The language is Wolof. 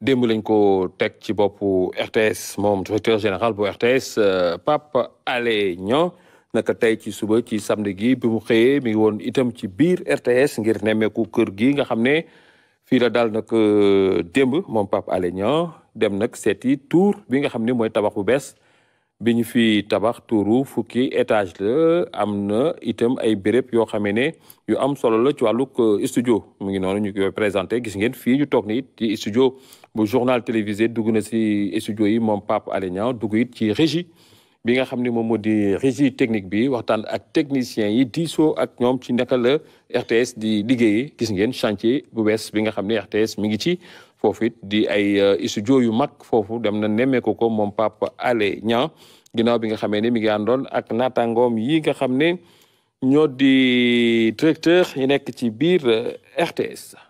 démb lañ ko teg ci boppu RTS moom directeur général bu RTS euh, Pape Alé Niang naka tey ci suba ci samedi gi bi mu xëyee mi ngi woon itam ci biir RTS ngir nemmeeku kër gi nga xam ne fii la daal nag euh, démb moom Pape Alé dem nag seeti tour bi nga xam ne mooy tabax bu bees. bi ñu fi tabax tuuru fukki étage la am na itam ay béréb yoo xamee ne yu am solo la ci wàllug euh, studio mu ngi noonu ñu koy présenté gis ngeen fii ñu toog ni it ci studio bu journal télévisé dugg na si studio yi moom Pape Alé Niang dugg yit ci régie bi nga xam ni moom moo di régie technique bi waxtaan ak technicien yi diisoo ak ñoom ci naka la RTS di liggéeyee gis ngeen chantier bu bees bi nga xam ne RTS mi ngi ci foofu it di ay euh, studio yu mag foofu dem na nemmeeku ko moom Pape Alé Niang ginnaaw bi nga xamee ne mi ngi ak naataangoom yi nga xam ne ñoo di directeur yi nekk ci biir euh, RTS.